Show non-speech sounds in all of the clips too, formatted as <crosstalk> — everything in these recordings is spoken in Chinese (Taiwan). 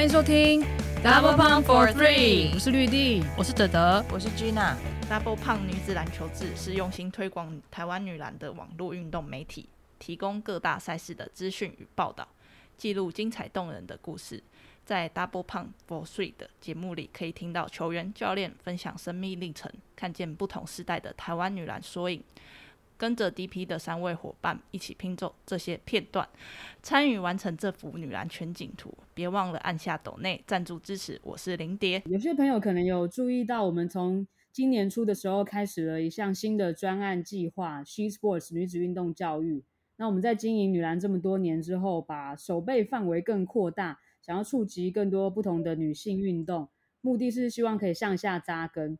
歡迎收聽 Double Pump for Three。我是綠地，我是德德，我是 Gina。Double Pump 女子籃球志是用心推廣台灣女籃的網絡運動媒體，提供各大賽事的資訊與報道，記錄精彩動人的故事。在 Double Pump for Three 的節目裡，可以聽到球員、教練分享生命歷程，看見不同時代的台灣女籃縮影。跟着 DP 的三位夥伴一起拼湊這些片段，參與完成這幅女籃全景圖。別忘了按下抖內贊助支持。我是林蝶。有些朋友可能有注意到，我們從今年初的時候開始了一項新的專案計劃 ——SheSports 女子運動教育。那我們在經營女籃這麼多年之後，把守備範圍更擴大，想要觸及更多不同的女性運動。目的是希望可以向下扎根。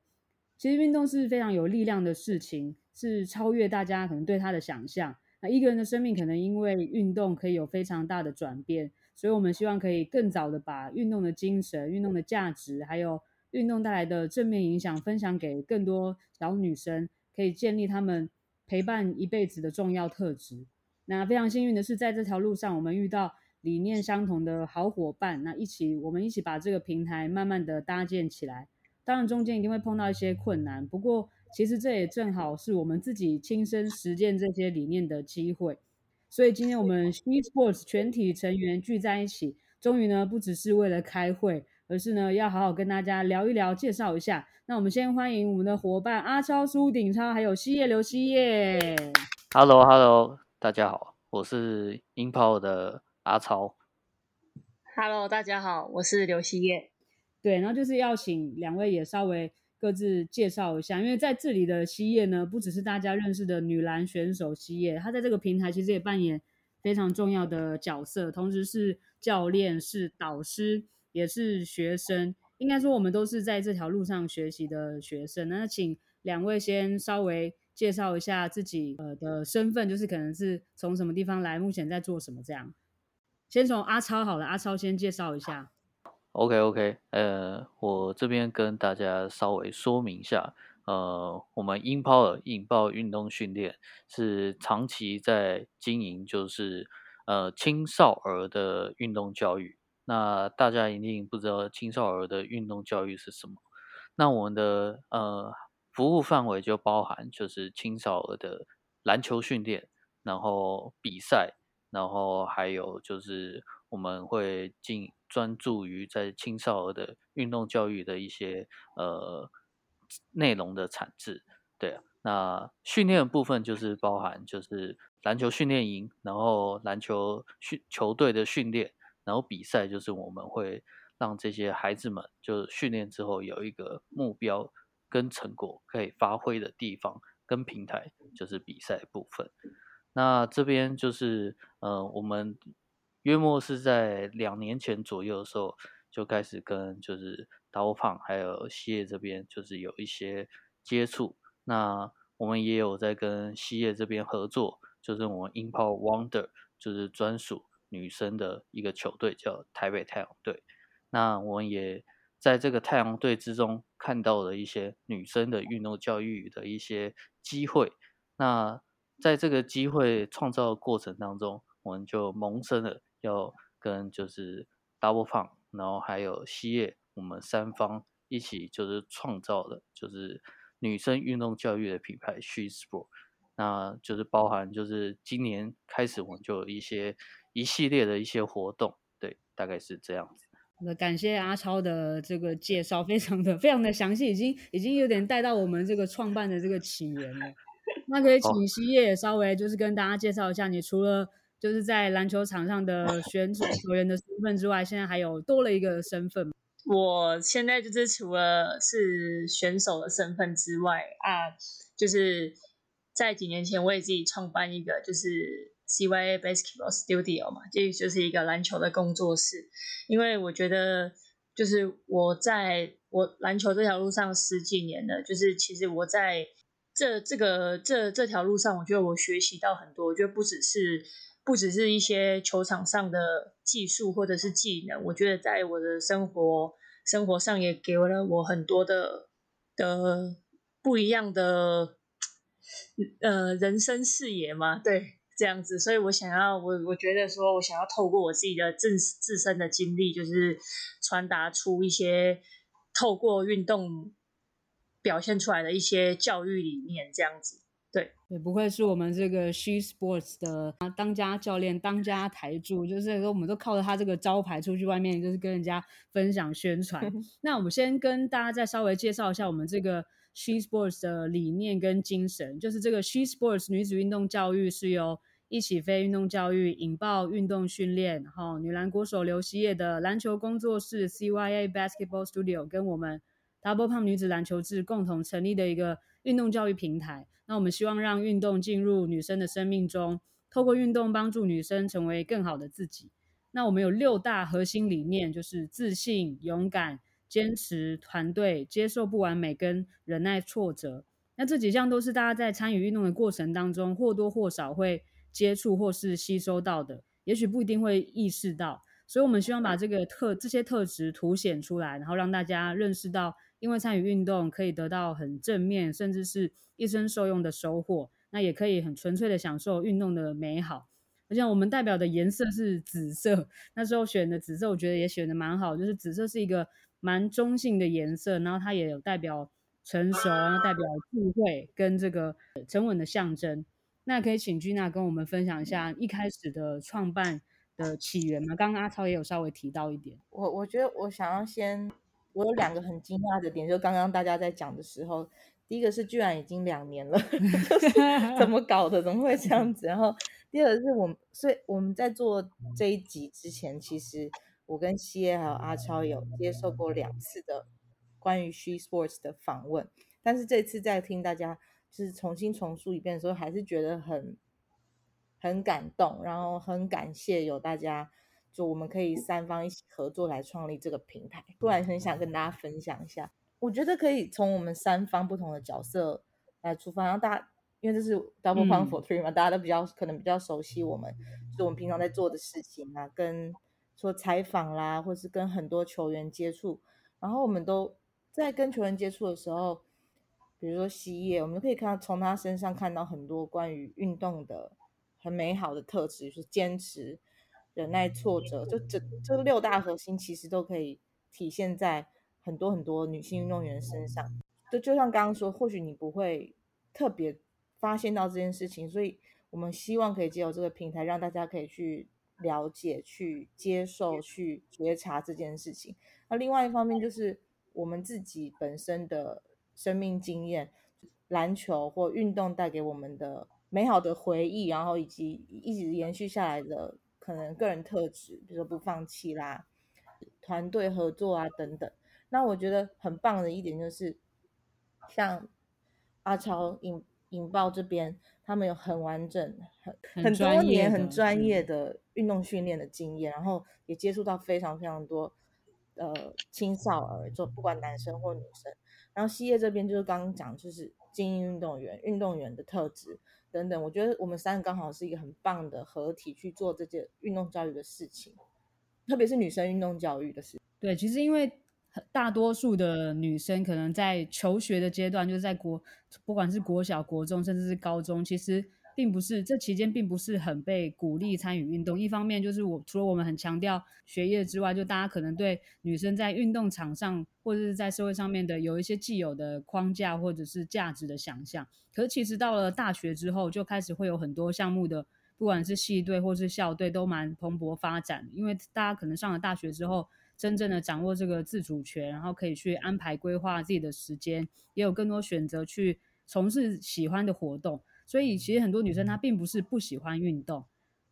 其實運動是非常有力量的事情。是超越大家可能對他的想象那一個人的生命可能因為運動可以有非常大的轉變，所以我們希望可以更早的把運動的精神、運動的價值，還有運動帶來的正面影響，分享給更多小女生，可以建立他們陪伴一輩子的重要特質。那非常幸運的是，在這條路上，我們遇到理念相同的好夥伴，那一起我們一起把這個平台慢慢地搭建起來。當然中間一定會碰到一些困難，不過。其實這也正好是我們自己親身實踐這些理念的機會，所以今天我們新 sports 全體成員聚在一起，終於呢不只是為了開會，而是呢要好好跟大家聊一聊，介紹一下。那我們先歡迎我們的夥伴阿超、蘇鼎超，還有西夜、劉西夜。Hello，Hello，hello, 大家好，我是 inpower 的阿超。Hello，大家好，我是劉西夜。對，然後就是要請兩位也稍微。各自介紹一下，因為在這裡的希曄呢，不只是大家認識的女籃選手希曄，她在這個平台其實也扮演非常重要的角色，同時是教練、是導師，也是學生。應該說我們都是在這條路上學習的學生。那請兩位先稍微介紹一下自己呃的身份，就是可能是從什麼地方來，目前在做什麼這樣。先從阿超好了，阿超先介紹一下。OK，OK，呃，okay, okay, uh, 我這邊跟大家稍微說明一下，呃，我們 InPower 引爆運動訓練是長期在經營，就是呃青少兒的運動教育。那大家一定不知道青少兒的運動教育是什麼？那我們的呃服務範圍就包含就是青少兒的籃球訓練，然後比賽，然後還有就是我們會進。專注於在青少年的運動教育的一些呃內容的產製，對啊，那訓練部分就是包含就是籃球訓練營，然後籃球訓球隊的訓練，然後比賽就是我們會讓這些孩子們就是訓練之後有一個目標跟成果可以發揮的地方跟平台，就是比賽部分。那這邊就是呃我們。約莫是在兩年前左右的時候，就開始跟就是刀胖還有希曄這邊就是有一些接觸。那我們也有在跟希曄這邊合作，就是我們 Impact Wonder 就是專屬女生的一個球隊，叫台北太陽隊。那我們也在這個太陽隊之中看到了一些女生的運動教育的一些機會。那在這個機會創造過程當中，我們就萌生了。要跟就是 Double Pump 然後還有希曄，我們三方一起就是創造的，就是女生運動教育的品牌 SheSports，那就是包含就是今年開始我們就有一些一系列的一些活動，對，大概是這樣子。那感謝阿超的這個介紹，非常的非常的詳細，已經已經有點帶到我們這個創辦的這個起源了。那可以請希曄也稍微就是跟大家介紹一下，你除了就是在籃球場上的選手球員的身份之外，哇現在還有多了一個身份。我現在就是除了是選手的身份之外啊，就是在幾年前我也自己創辦一個就是 CYA Basketball Studio 嘛，這就是一個籃球的工作室。因為我覺得就是我在我籃球這條路上十幾年了，就是其實我在這這個這這條路上，我覺得我學習到很多，我覺得不只是。不只是一些球場上的技術或者是技能，我覺得在我的生活生活上也給了我很多的的不一樣的呃人生視野嘛。對，這樣子，所以我想要我我覺得說，我想要透過我自己的自自身的經歷，就是傳達出一些透過運動表現出來的一些教育理念，這樣子。對，也不愧是我們這個 She Sports 的啊當家教練、當家台柱，就是說，我們都靠着他這個招牌出去外面，就是跟人家分享宣傳。 <laughs> 那我們先跟大家再稍微介紹一下我們這個 She Sports 的理念跟精神，就是這個 She Sports 女子運動教育是由一起飛運動教育引爆運動訓練，然後女籃國手劉希曄的籃球工作室 CYA Basketball Studio 跟我們 Double Pump 女子籃球志共同成立的一個。運動教育平台，那我們希望讓運動進入女生的生命中，透過運動幫助女生成為更好的自己。那我們有六大核心理念，就是自信、勇敢、堅持、團隊、接受不完美跟忍耐挫折。那這幾項都是大家在參與運動的過程當中，或多或少會接觸或是吸收到的，也許不一定會意識到。所以我們希望把這個特這些特質凸顯出來，然後讓大家認識到。因為參與運動可以得到很正面，甚至是一生受用的收穫。那也可以很純粹的享受運動的美好。而且我們代表的顏色是紫色，那時候選的紫色，我覺得也選的蠻好的。就是紫色是一個蠻中性的顏色，然後它也有代表成熟，然後代表智慧跟這個沉穩的象徵。那可以請君娜跟我們分享一下一開始的創辦的起源嗎？剛剛阿超也有稍微提到一點。我我覺得我想要先。我有兩個很驚訝的點，就剛剛大家在講的時候，第一個是居然已經兩年了，就是怎麼搞的，怎麼會這樣子？然後第二個是我們，所以我們在做這一集之前，其實我跟希曄還有阿超有接受過兩次的關於 She Sports 的訪問，但是這次在聽大家就是重新重述一遍的時候，還是覺得很很感動，然後很感謝有大家。就我們可以三方一起合作來創立這個平台，突然很想跟大家分享一下。我覺得可以從我們三方不同的角色來出發，然後大家因為這是 Double Pump、嗯、for Three 嘛，大家都比較可能比較熟悉我們，就是我們平常在做的事情啊，跟說採訪啦，或是跟很多球員接觸，然後我們都在跟球員接觸的時候，比如說希曄，我們可以看到從他身上看到很多關於運動的很美好的特質，就是堅持。忍耐挫折，就這這六大核心其實都可以體現在很多很多女性運動員身上。就就像剛剛說，或許你不會特別發現到這件事情，所以我們希望可以借由這個平台，讓大家可以去了解、去接受、去覺察這件事情。那另外一方面，就是我們自己本身的生命經驗、就是、籃球或運動帶給我們的美好的回憶，然後以及一直延續下來的。可能個人特質，比如說不放棄啦，團隊合作啊等等。那我覺得很棒的一點就是，像阿超引引爆這邊，他們有很完整、很、很專業、很多年、很專業的運動訓練的經驗，的然後也接觸到非常非常多呃青少兒，就不管男生或女生。然後希曄這邊就是剛剛講，就是。精英運動員、運動員的特質等等，我覺得我們三個剛好是一個很棒的合體去做這件運動教育的事情，特別是女生運動教育的事情。對，其實因為大多數的女生可能在求學的階段，就是在國，不管是國小、國中，甚至是高中，其實。並不是，這期間並不是很被鼓勵參與運動。一方面就是我除了我們很強調學業之外，就大家可能對女生在運動場上或者是在社會上面的有一些既有的框架或者是價值的想象。可是其實到了大學之後，就開始會有很多項目的，不管是系隊或是校隊，都蠻蓬勃發展。因為大家可能上了大學之後，真正的掌握這個自主權，然後可以去安排規劃自己的時間，也有更多選擇去從事喜歡的活動。所以其實很多女生她並不是不喜歡運動，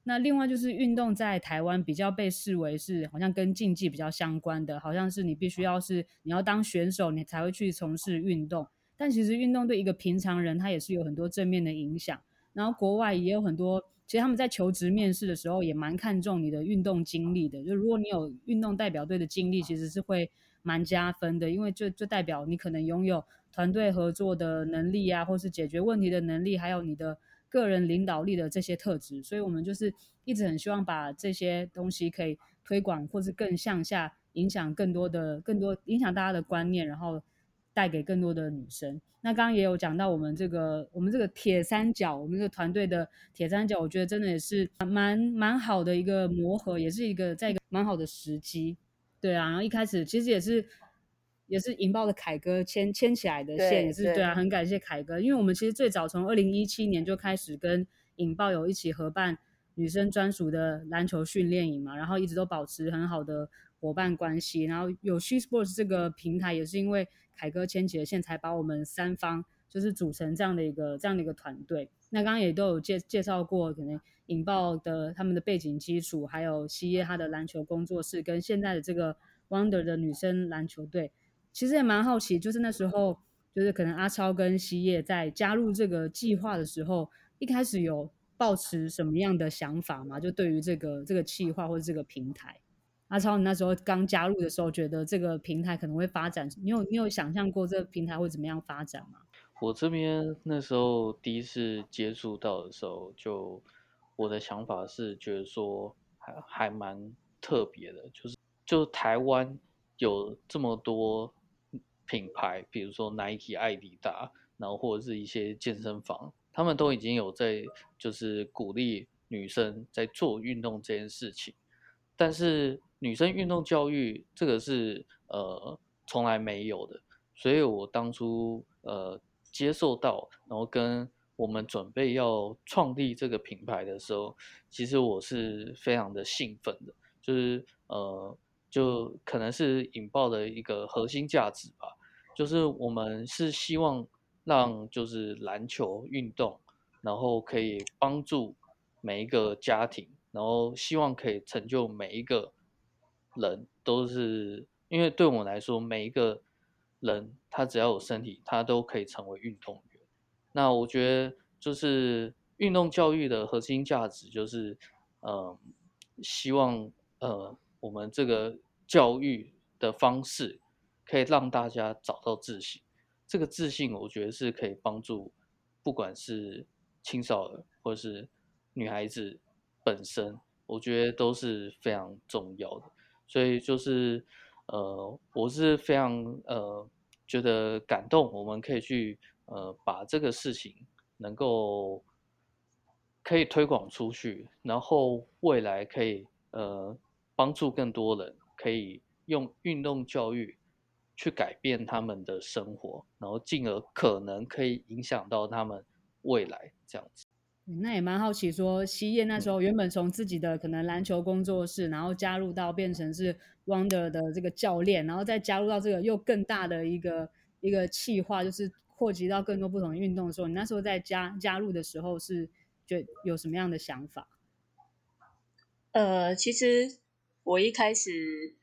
那另外就是運動在台灣比較被視為是好像跟競技比較相關的，好像是你必須要是你要當選手你才會去從事運動，但其實運動對一個平常人他也是有很多正面的影響，然後國外也有很多，其實他們在求職面試的時候也蠻看重你的運動經歷的，就如果你有運動代表隊的經歷，其實是會。蠻加分的，因為就就代表你可能擁有團隊合作的能力啊，或是解決問題的能力，還有你的個人領導力的這些特質。所以我們就是一直很希望把這些東西可以推廣，或是更向下影響更多的，更多影響大家的觀念，然後帶給更多的女生。那剛剛也有講到，我們這個我們這個鐵三角，我們這個團隊的鐵三角，我覺得真的也是蠻蠻好的一個磨合，也是一個在一個蠻好的時機。對啊，然後一開始其實也是也是引爆的凱哥牽牽起來的線，也是對、對、對啊，很感謝凱哥，因為我們其實最早從二零一七年就開始跟引爆有一起合辦女生專屬的籃球訓練營嘛，然後一直都保持很好的夥伴關係，然後有 She Sports 這個平台也是因為凱哥牽起了線，才把我們三方就是組成這樣的一個這樣的一個團隊。那剛剛也都有介介紹過，可能。引爆的他們的背景基礎，還有希曄他的籃球工作室，跟現在的這個 Wonder 的女生籃球隊，其實也蠻好奇。就是那時候，就是可能阿超跟希曄在加入這個計劃的時候，一開始有抱持什麼樣的想法嗎？就對於這個這個計劃或者這個平台，阿超，你那時候剛加入的時候，覺得這個平台可能會發展，你有你有想象過這個平台會怎麼樣發展嗎？我這邊那時候第一次接觸到的時候就。我的想法是就是說，還還蠻特別的，就是就台灣有這麼多品牌，比如說 Nike、艾迪達，然後或者是一些健身房，他們都已經有在就是鼓勵女生在做運動這件事情，但是女生運動教育這個是呃從來沒有的，所以我當初呃接受到，然後跟。我們準備要創立這個品牌的時候，其實我是非常的興奮的，就是呃，就可能是引爆的一個核心價值吧，就是我們是希望讓就是籃球運動，然後可以幫助每一個家庭，然後希望可以成就每一個人，都是因為對我來說，每一個人他只要有身體，他都可以成為運動。那我覺得就是運動教育的核心價值就是，呃，希望呃我們這個教育的方式可以讓大家找到自信。這個自信我覺得是可以幫助不管是青少年或是女孩子本身，我覺得都是非常重要的。所以就是呃，我是非常呃覺得感動，我們可以去。呃，把這個事情能夠可以推廣出去，然後未來可以呃幫助更多人，可以用運動教育去改變他們的生活，然後進而可能可以影響到他們未來這樣子。那也蠻好奇說，說希曄那時候原本從自己的可能籃球工作室，嗯、然後加入到變成是 Wonder 的這個教練，然後再加入到這個又更大的一個一個企劃，就是。擴及到更多不同的運動的時候，你那時候在加加入的時候是，就有什麼樣的想法？呃，其實我一開始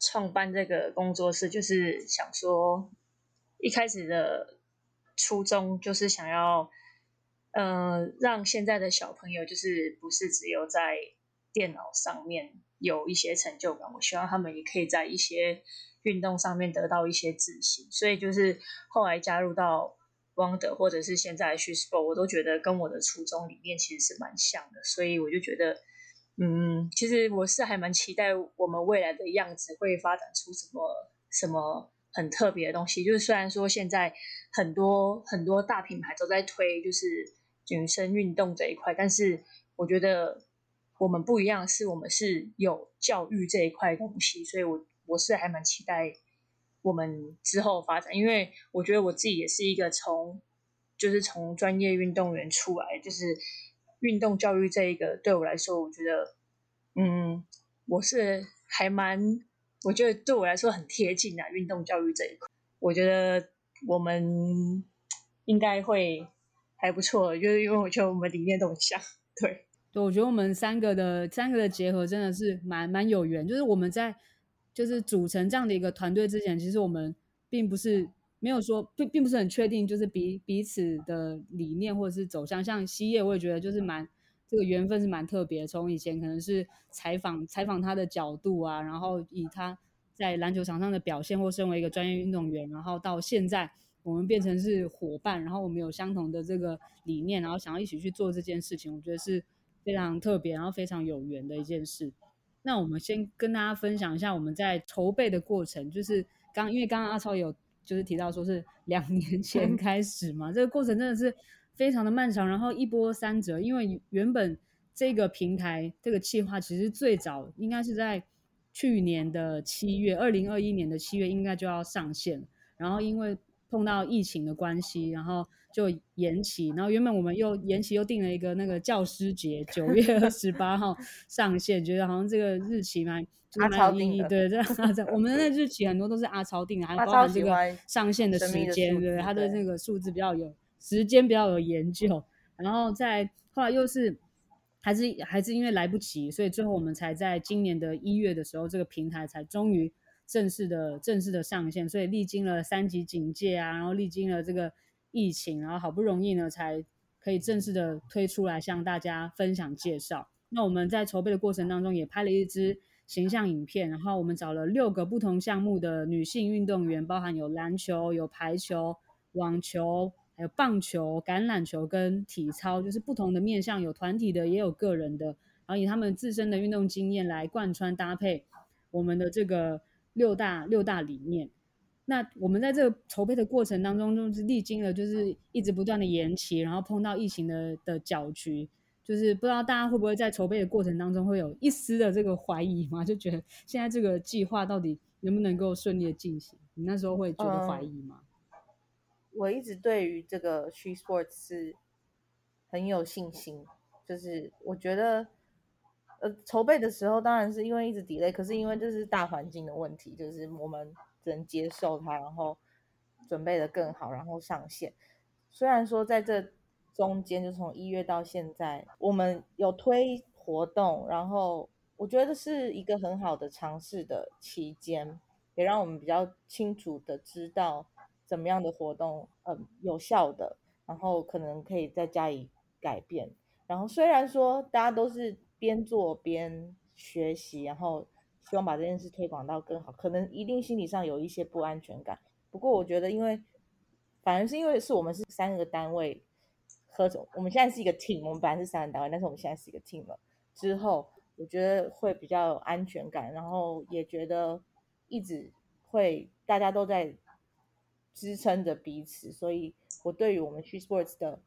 創辦這個工作室，就是想說，一開始的初衷就是想要，嗯、呃，讓現在的小朋友就是不是只有在電腦上面有一些成就感，我希望他們也可以在一些。運動上面得到一些自信，所以就是後來加入到 Wonder 或者是現在 SheSports, 我都覺得跟我的初衷裡面其實是蠻像的，所以我就覺得，嗯，其實我是還蠻期待我們未來的樣子會發展出什麼什麼很特別的東西。就是雖然說現在很多很多大品牌都在推，就是女生運動這一塊，但是我覺得我們不一樣，是我們是有教育這一塊東西，所以我。我是還蠻期待我們之後發展，因為我覺得我自己也是一個從就是從專業運動員出來，就是運動教育這一個對我來說，我覺得嗯，我是還蠻我覺得對我來說很貼近的啊，運動教育這一塊。我覺得我們應該會還不錯，就是因為我覺得我們理念都很像，對對，我覺得我們三個的三個的結合真的是蠻蠻有緣，就是我們在。就是組成這樣的一個團隊之前，其實我們並不是沒有說，並並不是很確定，就是彼彼此的理念或者是走向。像希曄，我也覺得就是蠻這個緣分是蠻特別。從以前可能是採訪採訪他的角度啊，然後以他在籃球場上的表現或身為一個專業運動員，然後到現在我們變成是夥伴，然後我們有相同的這個理念，然後想要一起去做這件事情，我覺得是非常特別，然後非常有緣的一件事。那我們先跟大家分享一下我們在籌備的過程，就是剛因為剛剛阿超有就是提到說是兩年前開始嘛， <laughs> 這個過程真的是非常的漫長，然後一波三折，因為原本這個平台這個計劃其實最早應該是在去年的七月，二零二一年的七月應該就要上線，然後因為碰到疫情的關係，然後。就延期，然後原本我們又延期，又定了一個那個教師節九月二十八號上線， <laughs> 覺得好像這個日期蠻 <laughs> 蠻有意義。對，這樣、啊、 <laughs> 我們那日期很多都是阿超定的，還包括這個上線的時間，對他的那個數字比較有對時間比較有研究。嗯、然後在後來又是還是還是因為來不及，所以最後我們才在今年的一月的時候，嗯、這個平台才終於正式的正式的上線。所以歷經了三級警戒啊，然後歷經了這個。疫情，然後好不容易呢，才可以正式的推出來，向大家分享介紹。那我們在籌備的過程當中，也拍了一支形象影片，然後我們找了六個不同項目的女性運動員，包含有籃球、有排球、網球、還有棒球、橄欖球跟體操，就是不同的面向，有團體的，也有個人的，然後以他們自身的運動經驗來貫穿，搭配我們的這個六大六大理念。那我們在這個籌備的過程當中，就是歷經了，就是一直不斷的延期，然後碰到疫情的的攪局，就是不知道大家會不會在籌備的過程當中會有一絲的這個懷疑嗎？就覺得現在這個計劃到底能不能夠順利的進行？你那時候會覺得懷疑嗎？Um, 我一直對於這個 SheSports 是很有信心，就是我覺得，呃，籌備的時候當然是因為一直 delay，可是因為就是大環境的問題，就是我們。能接受它，然後準備的更好，然後上線。雖然說在這中間，就從一月到現在，我們有推活動，然後我覺得是一個很好的嘗試的期間，也讓我們比較清楚的知道怎麼樣的活動，嗯，有效的，然後可能可以再加以改變。然後雖然說大家都是邊做邊學習，然後。希望把這件事推廣到更好，可能一定心理上有一些不安全感。不過我覺得，因為反正是因為是我們是三個單位合作，我們現在是一個 team，我們本來是三個單位，但是我們現在是一個 team 了。之後我覺得會比較有安全感，然後也覺得一直會大家都在支撐着彼此，所以我對於我們 SheSports 的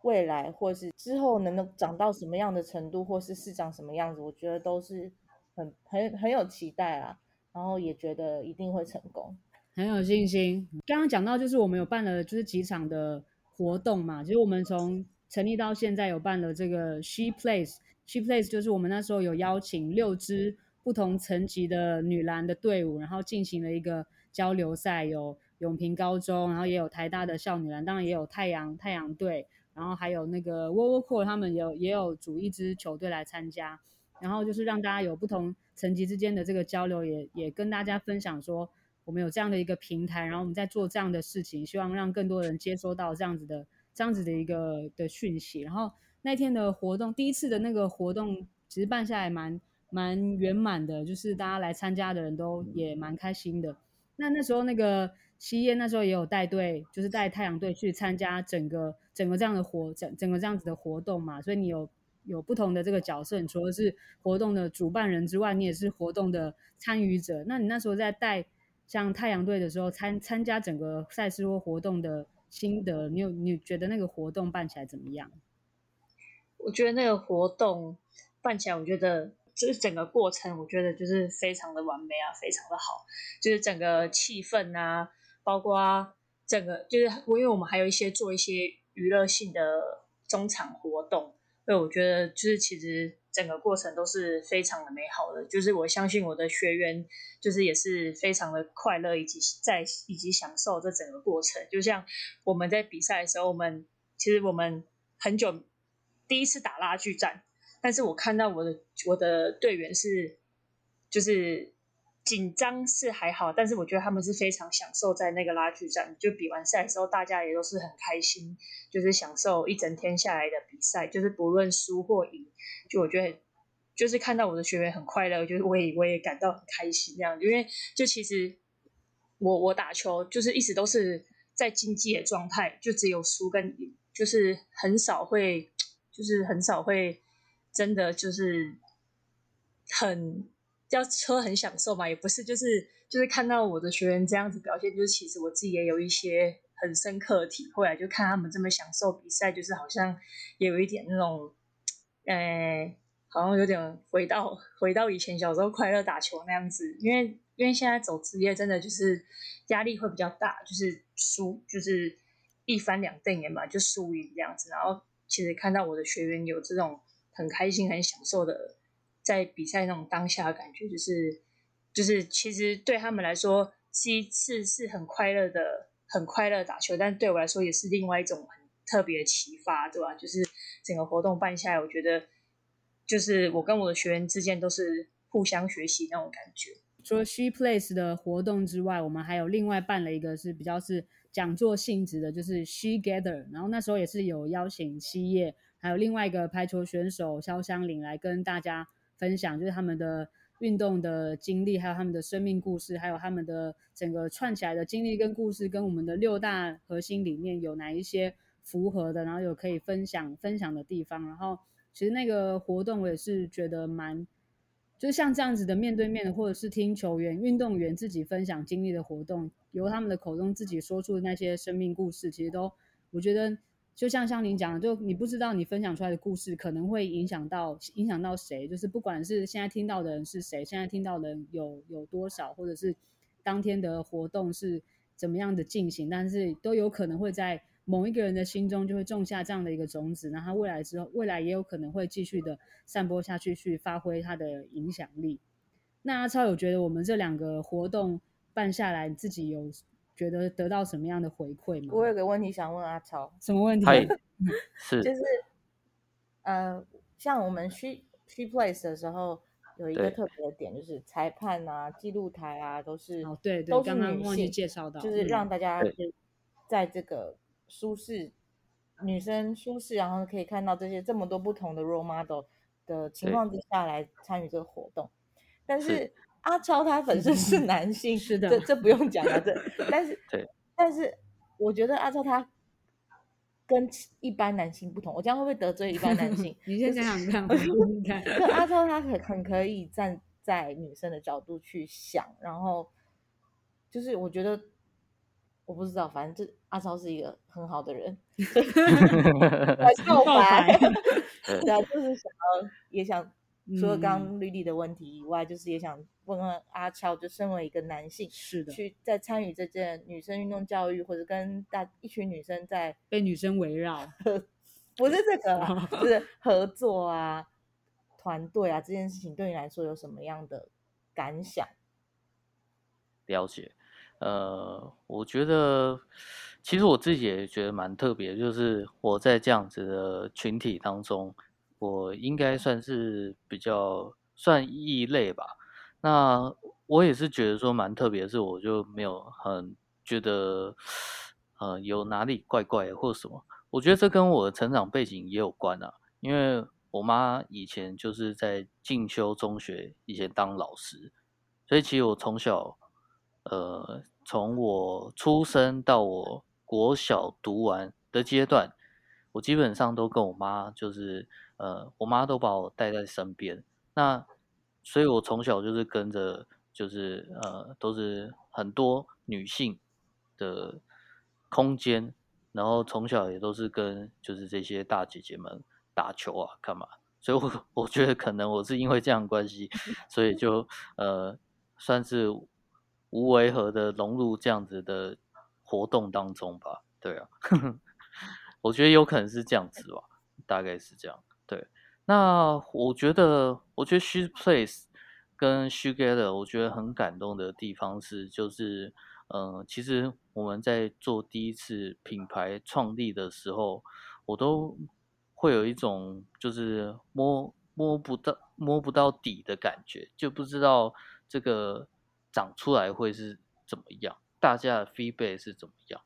未來，或是之後能夠長到什麼樣的程度，或是是長什麼樣子，我覺得都是。很很很有期待啊，然後也覺得一定會成功，很有信心。剛剛講到就是我們有辦了就是幾場的活動嘛，其實我們從成立到現在有辦了這個 She Plays，She Plays 就是我們那時候有邀請六支不同層級的女籃的隊伍，然後進行了一個交流賽，有永平高中，然後也有台大的校女籃，當然也有太陽太陽隊，然後還有那個窩窩闊他們也有也有組一支球隊來參加。然後就是讓大家有不同層級之間的這個交流，也也跟大家分享說，我們有這樣的一個平台，然後我們在做這樣的事情，希望讓更多人接收到這樣子的這樣子的一個的訊息。然後那天的活動，第一次的那個活動其實辦下來蠻蠻圓滿的，就是大家來參加的人都也蠻開心的。那那時候那個希曄那時候也有帶隊，就是帶太陽隊去參加整個整個這樣的活整整個這樣子的活動嘛，所以你有。有不同的這個角色，你除了是活動的主辦人之外，你也是活動的參與者。那你那時候在帶像太陽隊的時候參，參參加整個賽事或活動的心得，你有你有覺得那個活動辦起來怎麼樣？我覺得那個活動辦起來，我覺得就是整個過程，我覺得就是非常的完美啊，非常的好，就是整個氣氛啊，包括整個就是因為我們還有一些做一些娛樂性的中場活動。對，我覺得就是其實整個過程都是非常的美好的，就是我相信我的學員就是也是非常的快樂以及在以及享受這整個過程。就像我們在比賽的時候，我們其實我們很久第一次打拉鋸戰，但是我看到我的我的隊員是就是。緊張是還好，但是我覺得他們是非常享受在那個拉鋸戰，就比完賽的時候，大家也都是很開心，就是享受一整天下來的比賽，就是不論輸或贏，就我覺得就是看到我的學員很快樂，就是我也我也感到很開心這樣，因為就其實我我打球就是一直都是在競技的狀態，就只有輸跟贏，就是很少會，就是很少會真的就是很。叫車很享受嘛，也不是，就是就是看到我的學員這樣子表現，就是其實我自己也有一些很深刻的體會，啊，就看他們這麼享受比賽，就是好像也有一點那種，呃、欸，好像有點回到回到以前小時候快樂打球那樣子，因為因為現在走職業真的就是壓力會比較大，就是輸就是一翻兩瞪眼嘛，就輸贏這樣子，然後其實看到我的學員有這種很開心很享受的在比賽那種當下的感覺，就是就是其實對他們來說是一次是，是很快樂的，很快樂的打球，但對我來說也是另外一種很特別的啟發，對吧？就是整個活動辦下來，我覺得就是我跟我的學員之間都是互相學習那種感覺。除了 She Plays 的活動之外，我們還有另外辦了一個是比較是講座性質的，就是 She Gather。然後那時候也是有邀請希曄，還有另外一個排球選手肖湘林來跟大家，分享，就是他們的運動的經歷，還有他們的生命故事，還有他們的整個串起來的經歷跟故事，跟我們的六大核心理念有哪一些符合的，然後有可以分享分享的地方。然後其實那個活動我也是覺得蠻，就像這樣子的面對面的，或者是聽球員、運動員自己分享經歷的活動，由他們的口中自己說出的那些生命故事，其實都我覺得。就像像您講的，就你不知道你分享出來的故事可能會影響到影響到誰，就是不管是現在聽到的人是誰，現在聽到的人有有多少，或者是當天的活動是怎麼樣的進行，但是都有可能會在某一個人的心中就會種下這樣的一個種子，然後他未來之後，未來也有可能會繼續的散播下去，去發揮它的影響力。那阿超有覺得我們這兩個活動辦下來，自己有？覺得得到什麼樣的回饋嗎？我有個問題想問阿超，什麼問題？是 <laughs> 就是呃，像我們去去 Plays 的時候，有一個特別的點，對就是裁判啊、記錄台啊，都是哦，oh, 對，對，都是女性剛剛介紹的，就是讓大家在這個舒適、嗯、對女生舒適，然後可以看到這些這麼多不同的 role model 的情況之下來參與這個活動，對但是。是阿超他本身是男性，是的，這這不用講了。這，但是，但是，我覺得阿超他跟一般男性不同。我這樣會不會得罪一般男性？你先想想看。阿超他很很可以站在女生的角度去想，然後就是我覺得，我不知道，反正這阿超是一個很好的人。告白，對啊，就是想要也想。除了剛剛 Lily 的問題以外，就是也想問問阿超，就身為一個男性，是的，去在參與這件女生運動教育，或者跟大一群女生在被女生圍繞，呵不是這個， <laughs> 是合作啊、團隊啊這件事情，對你來說有什麼樣的感想？了解，呃，我覺得其實我自己也覺得蠻特別的，就是我在這樣子的群體當中。我應該算是比較算異類吧。那我也是覺得說蠻特別，是我就沒有很覺得，呃，有哪裡怪怪的或者什麼。我覺得這跟我的成長背景也有關啊，因為我媽以前就是在進修中學，以前當老師，所以其實我從小，呃，從我出生到我國小讀完的階段，我基本上都跟我媽就是。呃，我媽都把我帶在身邊，那所以，我從小就是跟着，就是呃，都是很多女性的空間，然後從小也都是跟就是這些大姐姐們打球啊、幹嘛，所以我，我我覺得可能我是因為這樣關係，所以就呃，算是無違和的融入這樣子的活動當中吧。對啊， <laughs> 我覺得有可能是這樣子吧，大概是這樣。那我覺得，我覺得 ShePlays 跟 SheGather，我覺得很感動的地方是，就是，嗯，其實我們在做第一次品牌創立的時候，我都會有一種就是摸摸不到摸不到底的感覺，就不知道這個長出來會是怎麼樣，大家的 feedback 是怎麼樣。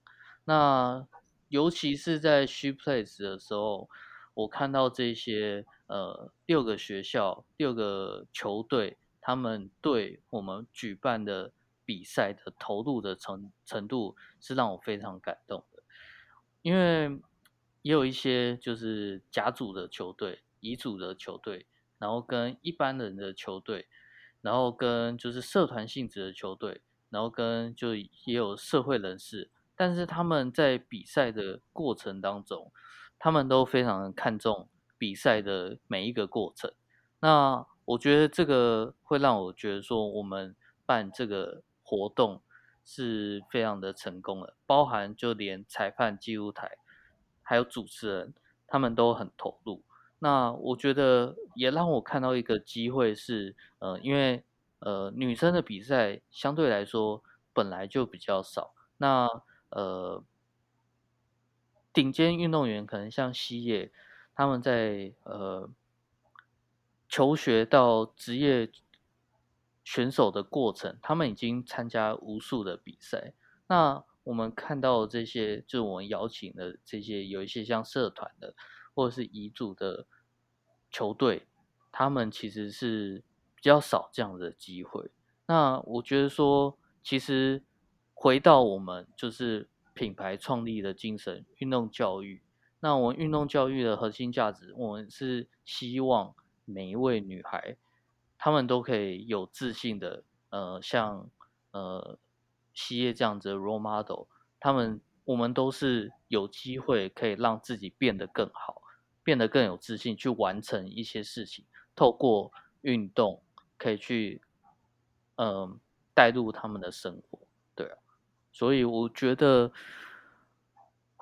那尤其是在 ShePlays 的時候，我看到這些。呃，六個學校，六個球隊，他們對我們舉辦的比賽的投入的程程度是讓我非常感動的，因為也有一些就是甲組的球隊、乙組的球隊，然後跟一般人的球隊，然後跟就是社團性質的球隊，然後跟就也有社會人士，但是他們在比賽的過程當中，他們都非常看重。比賽的每一個過程，那我覺得這個會讓我覺得說，我們辦這個活動是非常的成功的。包含就連裁判、記錄台，還有主持人，他們都很投入。那我覺得也讓我看到一個機會是，呃，因為呃，女生的比賽相對來說本來就比較少，那呃，頂尖運動員可能像希曄。他們在呃求學到職業選手的過程，他們已經參加無數的比賽。那我們看到這些，就是我們邀請的這些有一些像社團的或者是乙組的球隊，他們其實是比較少這樣的機會。那我覺得說，其實回到我們就是品牌創立的精神，運動教育。那我們運動教育的核心價值，我們是希望每一位女孩，她們都可以有自信的，呃，像呃希曄這樣子的 role model，她們我們都是有機會可以讓自己變得更好，變得更有自信，去完成一些事情，透過運動可以去，嗯、呃，帶入他們的生活，對啊，所以我覺得。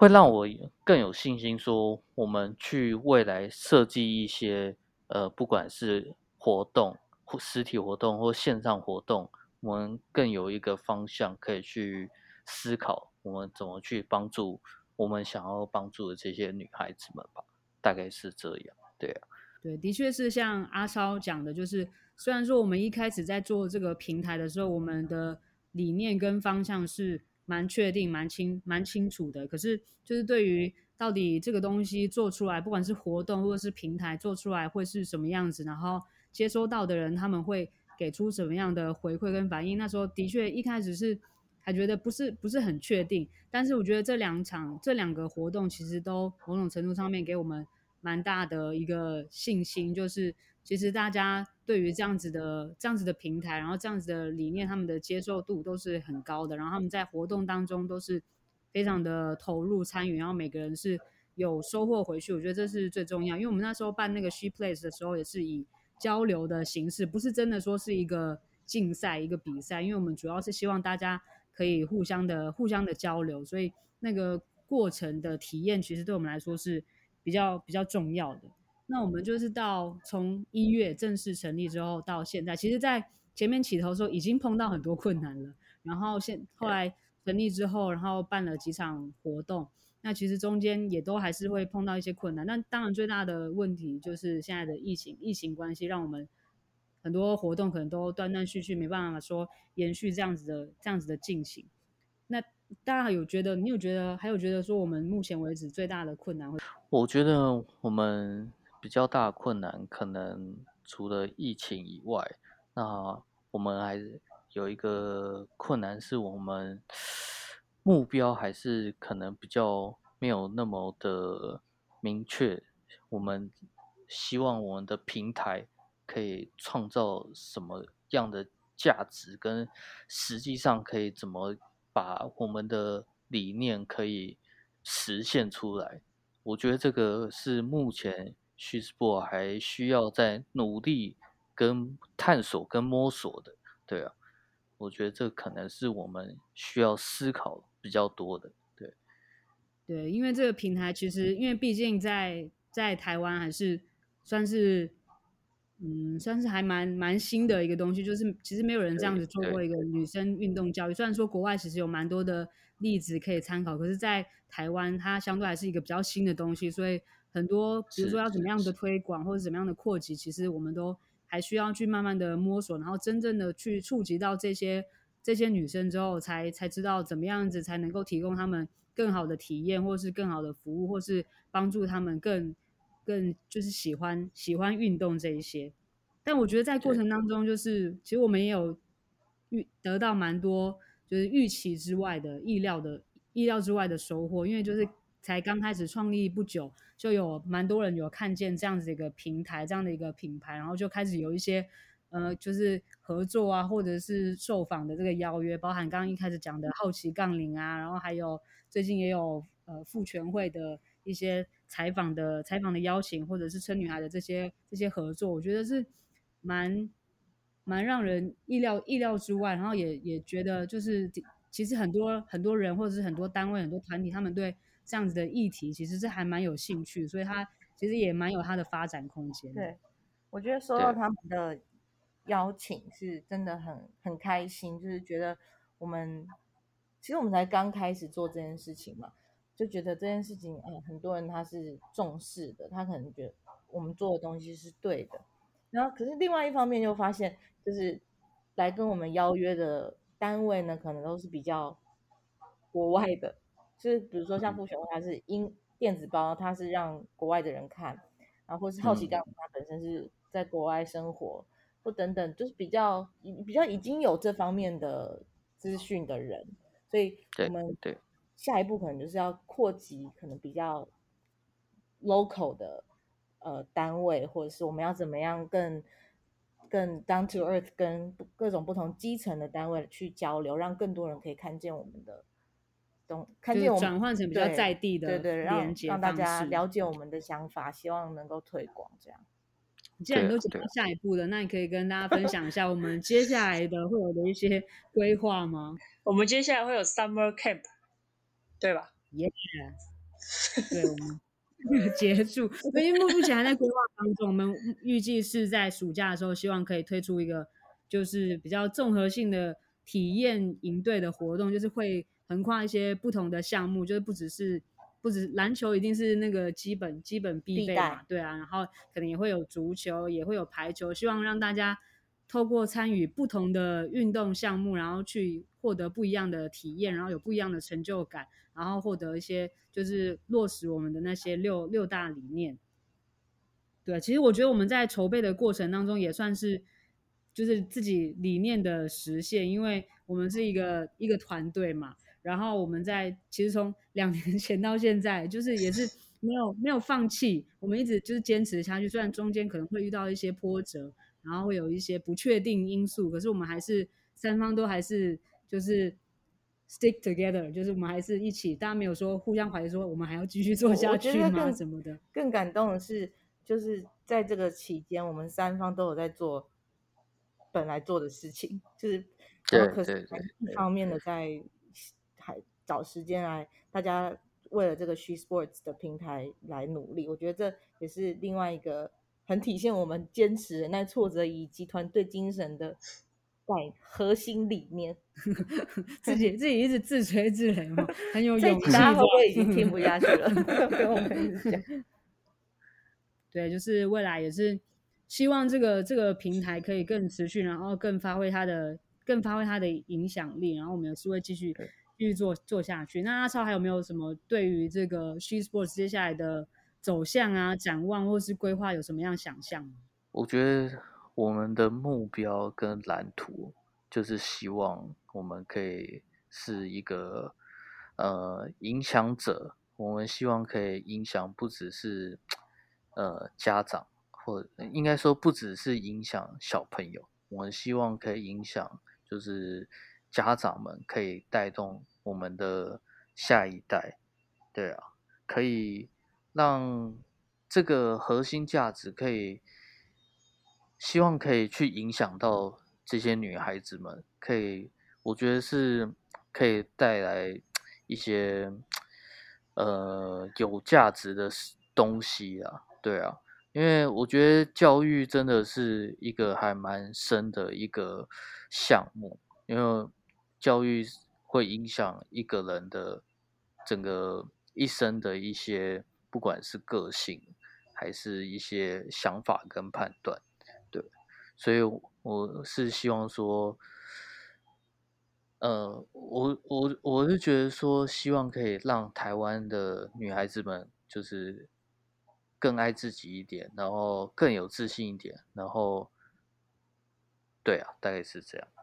會讓我更有信心，說我們去未來設計一些，呃，不管是活動、實體活動或線上活動，我們更有一個方向可以去思考，我們怎麼去幫助我們想要幫助的這些女孩子們吧。大概是這樣，對啊，對，的確是像阿超講的，就是雖然說我們一開始在做這個平台的時候，我們的理念跟方向是。蠻確定，蠻清，蠻清楚的。可是，就是對於到底這個東西做出來，不管是活動或者是平台做出來會是什麼樣子，然後接收到的人他們會給出什麼樣的回饋跟反應？那時候的確一開始是還覺得不是不是很確定，但是我覺得這兩場這兩個活動其實都某種程度上面給我們蠻大的一個信心，就是其實大家。對於這樣子的這樣子的平台，然後這樣子的理念，他們的接受度都是很高的。然後他們在活動當中都是非常的投入參與，然後每個人是有收穫回去。我覺得這是最重要，因為我們那時候辦那個 ShePlays 的時候，也是以交流的形式，不是真的說是一個競賽、一個比賽。因為我們主要是希望大家可以互相的、互相的交流，所以那個過程的體驗，其實對我們來說是比較比較重要的。那我們就是到從一月正式成立之後到現在，其實，在前面起頭說已經碰到很多困難了。然後現後來成立之後，然後辦了幾場活動，那其實中間也都還是會碰到一些困難。那當然最大的問題就是現在的疫情，疫情關係讓我們很多活動可能都斷斷續續，沒辦法說延續這樣子的這樣子的進行。那大然家有覺得，你有覺得，還有覺得說我們目前為止最大的困難會？我覺得我們。比較大的困難，可能除了疫情以外，那我們還有一個困難，是我們目標還是可能比較沒有那麼的明確。我們希望我們的平台可以創造什麼樣的價值，跟實際上可以怎麼把我們的理念可以實現出來。我覺得這個是目前。SheSports 還需要再努力，跟探索，跟摸索的，對啊，我覺得這可能是我們需要思考比較多的，對，對，因為這個平台其實，因為畢竟在在台灣還是算是，嗯，算是還蠻蠻新的一個東西，就是其實沒有人這樣子做過一個女生運動教育，雖然說國外其實有蠻多的例子可以參考，可是，在台灣它相對還是一個比較新的東西，所以。很多，比如說要怎麼樣的推廣或者怎麼樣的擴及，其實我們都還需要去慢慢的摸索，然後真正的去觸及到這些這些女生之後才，才才知道怎麼樣子才能夠提供她們更好的體驗，或是更好的服務，或是幫助她們更更就是喜歡喜歡運動這一些。但我覺得在過程當中，就是對其實我們也有預得到蠻多就是預期之外的意料的意料之外的收穫，因為就是。才剛開始創立不久，就有蠻多人有看見這樣子一個平台，這樣的一個品牌，然後就開始有一些呃，就是合作啊，或者是受訪的這個邀約，包含剛剛一開始講的好奇槓鈴啊，然後還有最近也有呃婦權會的一些採訪的採訪的邀請，或者是春女孩的這些這些合作，我覺得是蠻蠻讓人意料意料之外，然後也也覺得就是其實很多很多人或者是很多單位很多團體，他們對。這樣子的議題其實是還蠻有興趣，所以他其實也蠻有他的發展空間。對，我覺得收到他們的邀請是真的很對很開心，就是覺得我們其實我們才剛開始做這件事情嘛，就覺得這件事情啊、哎，很多人他是重視的，他可能覺得我們做的東西是對的。然後，可是另外一方面又發現，就是來跟我們邀約的單位呢，可能都是比較國外的。就是比如說像傅雄他是英電子報，他是讓國外的人看，然後或是好奇這樣，他本身是在國外生活，嗯、或等等，就是比較比較已經有這方面的資訊的人，所以我們下一步可能就是要擴及可能比較 local 的呃單位，或者是我們要怎麼樣更更 down to earth，跟各種不同基層的單位去交流，讓更多人可以看見我們的。東，就轉換成比較在地的對對，然後讓大家了解我們的想法，希望能夠推廣這樣。既然你都講到下一步了，那你可以跟大家分享一下我們接下來的會有的一些規劃嗎？我們接下來會有 Summer Camp，對吧？耶！對，我們沒有結束，因為目前還在規劃當中。我們預計是在暑假的時候，希望可以推出一個就是比較綜合性的體驗營隊的活動，就是會。橫跨一些不同的項目，就是不只是不只籃球，一定是那個基本基本必備嘛，對啊。然後可能也會有足球，也會有排球。希望讓大家透過參與不同的運動項目，然後去獲得不一樣的體驗，然後有不一樣的成就感，然後獲得一些就是落實我們的那些六六大理念。對啊，其實我覺得我們在籌備的過程當中也算是就是自己理念的實現，因為我們是一個一個團隊嘛。然後我們在其實從兩年前到現在，就是也是沒有 <laughs> 沒有放棄，我們一直就是堅持下去。雖然中間可能會遇到一些波折，然後會有一些不確定因素，可是我們還是三方都還是就是 stick together，就是我們還是一起，大家沒有說互相懷疑，說我們還要繼續做下去嗎？什麼的，我覺得更，更感動的是，就是在這個期間，我們三方都有在做本來做的事情，就是對對對，一方面的在。還找時間來，大家為了這個 SheSports 的平台來努力，我覺得這也是另外一個很體現我們堅持、耐挫折以及團隊精神的在核心理念。自己自己一直自吹自擂嘛，很有勇氣。 <laughs> 大家都已經聽不下去了？ <laughs> 跟我們講。 <laughs> 對，就是未來也是希望這個這個平台可以更持續，然後更發揮它的更發揮它的影響力，然後我們也是會繼續。繼續做做下去。那阿超還有沒有什麼對於這個 She Sports 接下來的走向啊、展望或是規劃有什麼樣想象我覺得我們的目標跟藍圖就是希望我們可以是一個呃影響者，我們希望可以影響不只是呃家長，或應該說不只是影響小朋友，我們希望可以影響就是。家長們可以帶動我們的下一代，對啊，可以讓這個核心價值可以，希望可以去影響到這些女孩子們，可以，我覺得是可以帶來一些，呃，有價值的東西啊，對啊，因為我覺得教育真的是一個還蠻深的一個項目，因為。教育會影響一個人的整個一生的一些，不管是個性，還是一些想法跟判斷，對，所以我是希望說，呃，我我我是覺得說，希望可以讓台灣的女孩子們就是更愛自己一點，然後更有自信一點，然後，對啊，大概是這樣。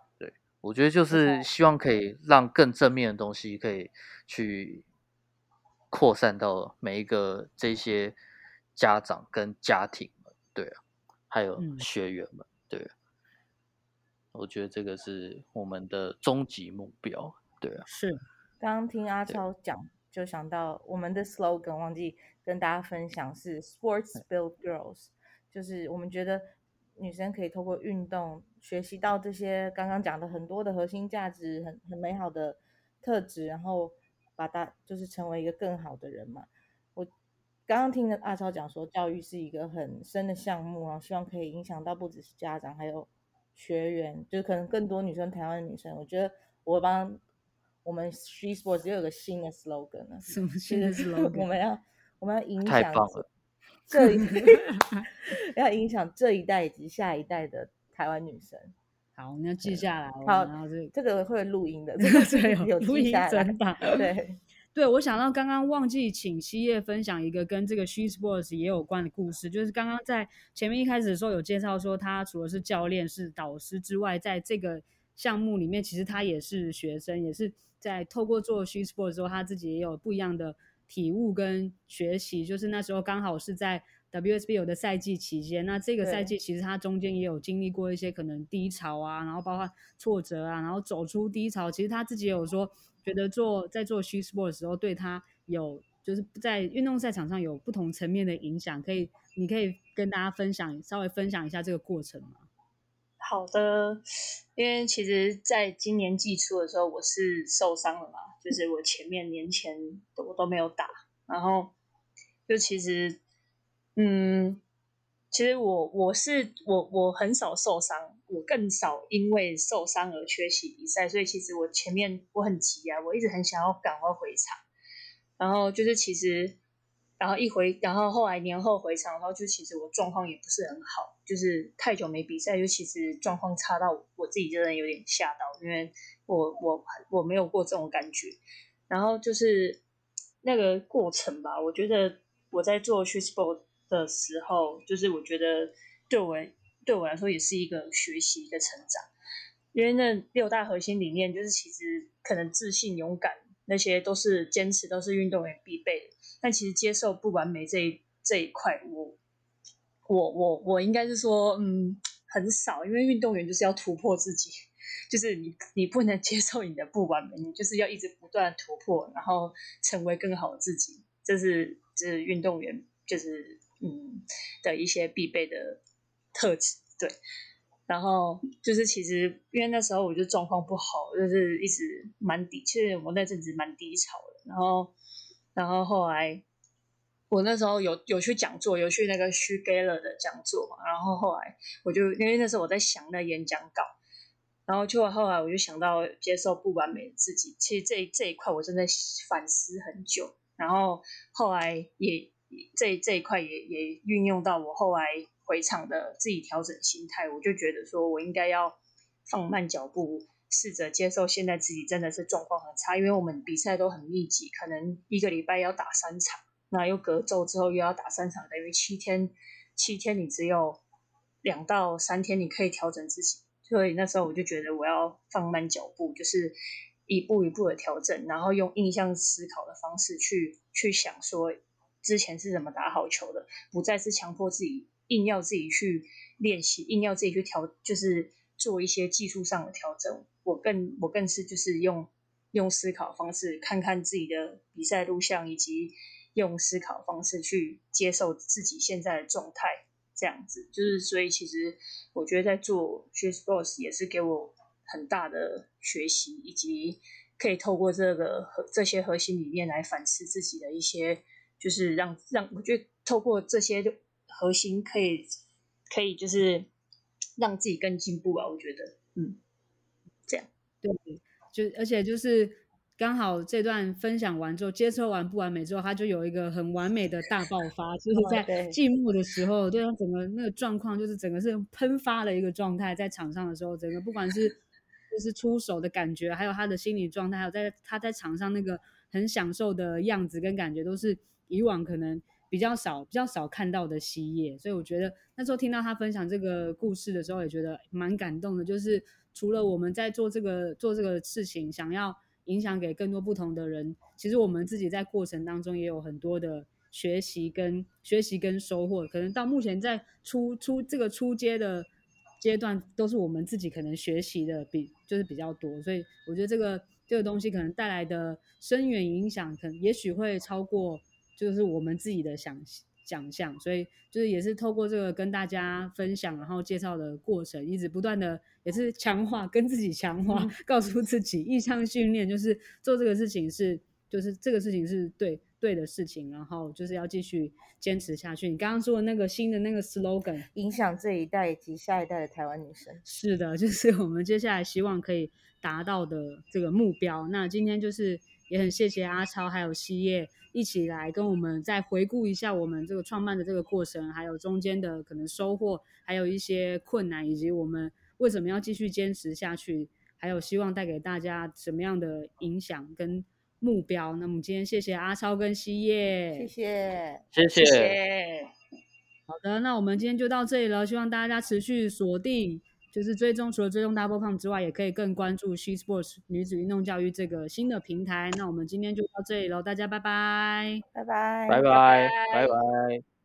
我覺得就是希望可以讓更正面的東西可以去擴散到每一個這些家長跟家庭們，對啊，還有學員們，對啊。嗯。我覺得這個是我們的終極目標，對啊。是。剛剛聽阿超講，對就想到我們的 slogan 忘記跟大家分享是 “Sports Build Girls”，對就是我們覺得。女生可以通過運動學習到這些剛剛講的很多的核心價值，很很美好的特質，然後把它就是成為一個更好的人嘛。我剛剛聽了阿超講說，教育是一個很深的項目啊，希望可以影響到不只是家長，還有學員，就是可能更多女生，台灣的女生。我覺得我幫我們 SheSports 又有個新的 slogan 了。什麼新的 slogan？我們要 <laughs> 我們要影響。這一 <laughs> 要影響這一代以及下一代的台灣女生。好，我們要記下來。了好，然後這這個會錄音的，這個是有錄 <laughs> 音存檔。對，對，我想到剛剛忘記請希曄分享一個跟這個 She Sports 也有關的故事，就是剛剛在前面一開始的時候有介紹說，他除了是教練、是導師之外，在這個項目裡面，其實他也是學生，也是在透過做 She Sports 的時候，他自己也有不一樣的。體悟跟學習，就是那時候剛好是在 W S B 有的賽季期間。那這個賽季其實他中間也有經歷過一些可能低潮啊，然後包括挫折啊，然後走出低潮。其實他自己有說，覺得做在做 SheSports 的時候，對他有就是在運動賽場上有不同層面的影響。可以，你可以跟大家分享稍微分享一下這個過程嗎？好的，因為其實在今年季初的時候，我是受傷了嘛，就是我前面年前我都沒有打，然後就其實，嗯，其實我我是我我很少受傷，我更少因為受傷而缺席比賽，所以其實我前面我很急啊，我一直很想要趕快回場，然後就是其實，然後一回，然後後來年後回場的話，就其實我狀況也不是很好。就是太久沒比賽，尤其是狀況差到我,我自己真的有點嚇到，因為我我我沒有過這種感覺。然後就是那個過程吧，我覺得我在做 SheSports 的時候，就是我覺得對我對我來說也是一個學習的成長。因為那六大核心理念，就是其實可能自信、勇敢那些都是堅持，都是運動員必備的。但其實接受不完美這這一塊，我。我我我應該是說，嗯，很少，因為運動員就是要突破自己，就是你你不能接受你的不完美，你就是要一直不斷突破，然後成為更好的自己，這是這是，就是運動員就是嗯的一些必備的特質，對。然後就是其實因為那時候我就狀況不好，就是一直蠻低，其實我那陣子蠻低潮的，然後然後後來，我那時候有有去講座，有去那個 SheGather 的講座嘛。然後後來我就因為那時候我在想那演講稿，然後就後來我就想到接受不完美的自己。其實這這一塊我真的反思很久，然後後來也這這一塊也也運用到我後來回場的自己調整心態。我就覺得說我應該要放慢腳步，試着接受現在自己真的是狀況很差，因為我們比賽都很密集，可能一個禮拜要打三場。那又隔週之後又要打三場，等於七天，七天你只有兩到三天你可以調整自己，所以那時候我就覺得我要放慢腳步，就是一步一步的調整，然後用印象思考的方式去去想說之前是怎麼打好球的，不再是強迫自己硬要自己去練習，硬要自己去調，就是做一些技術上的調整。我更我更是就是用用思考方式看看自己的比賽錄像以及。用思考方式去接受自己現在的狀態，這樣子就是，所以其實我覺得在做 SheSports 也是給我很大的學習，以及可以透過這個這些核心理念來反思自己的一些，就是讓讓我覺得透過這些核心可以可以就是讓自己更進步吧，我覺得，嗯，這樣對，對，就而且就是。剛好這段分享完之後，接觸完不完美之後，他就有一個很完美的大爆發，就是在季末的時候，oh、對他整個那個狀況就是整個是噴發的一個狀態，在場上的時候，整個不管是就是出手的感覺，還有他的心理狀態，還有在他在場上那個很享受的樣子跟感覺，都是以往可能比較少比較少看到的希曄。所以我覺得那時候聽到他分享這個故事的時候，也覺得蠻感動的。就是除了我們在做這個做這個事情，想要影響給更多不同的人。其實我們自己在過程當中也有很多的學習跟學習跟收穫。可能到目前在初、初這個初階的階段，都是我們自己可能學習的比就是比較多。所以我覺得這個這個東西可能帶來的深遠影響，可能也許會超過就是我們自己的想像。獎項，所以就是也是透過這個跟大家分享，然後介紹的過程，一直不斷的也是強化跟自己強化，告訴自己意向訓練，就是做這個事情是就是這個事情是對對的事情，然後就是要繼續堅持下去。你剛剛說的那個新的那個 slogan，影響這一代及下一代的台灣女生？是的，就是我們接下來希望可以達到的這個目標。那今天就是。也很謝謝阿超還有希曄一起來跟我們再回顧一下我們這個創辦的這個過程，還有中間的可能收穫，還有一些困難，以及我們為什麼要繼續堅持下去，還有希望帶給大家什麼樣的影響跟目標。那麼今天謝謝阿超跟希曄，謝謝，謝謝。謝謝。好的，那我們今天就到這裡了，希望大家持續鎖定。就是追蹤，除了追蹤 Double Pump 之外，也可以更關注 She Sports 女子運動教育這個新的平台。那我們今天就到這裡嘍，大家拜拜，拜拜，拜拜，拜拜。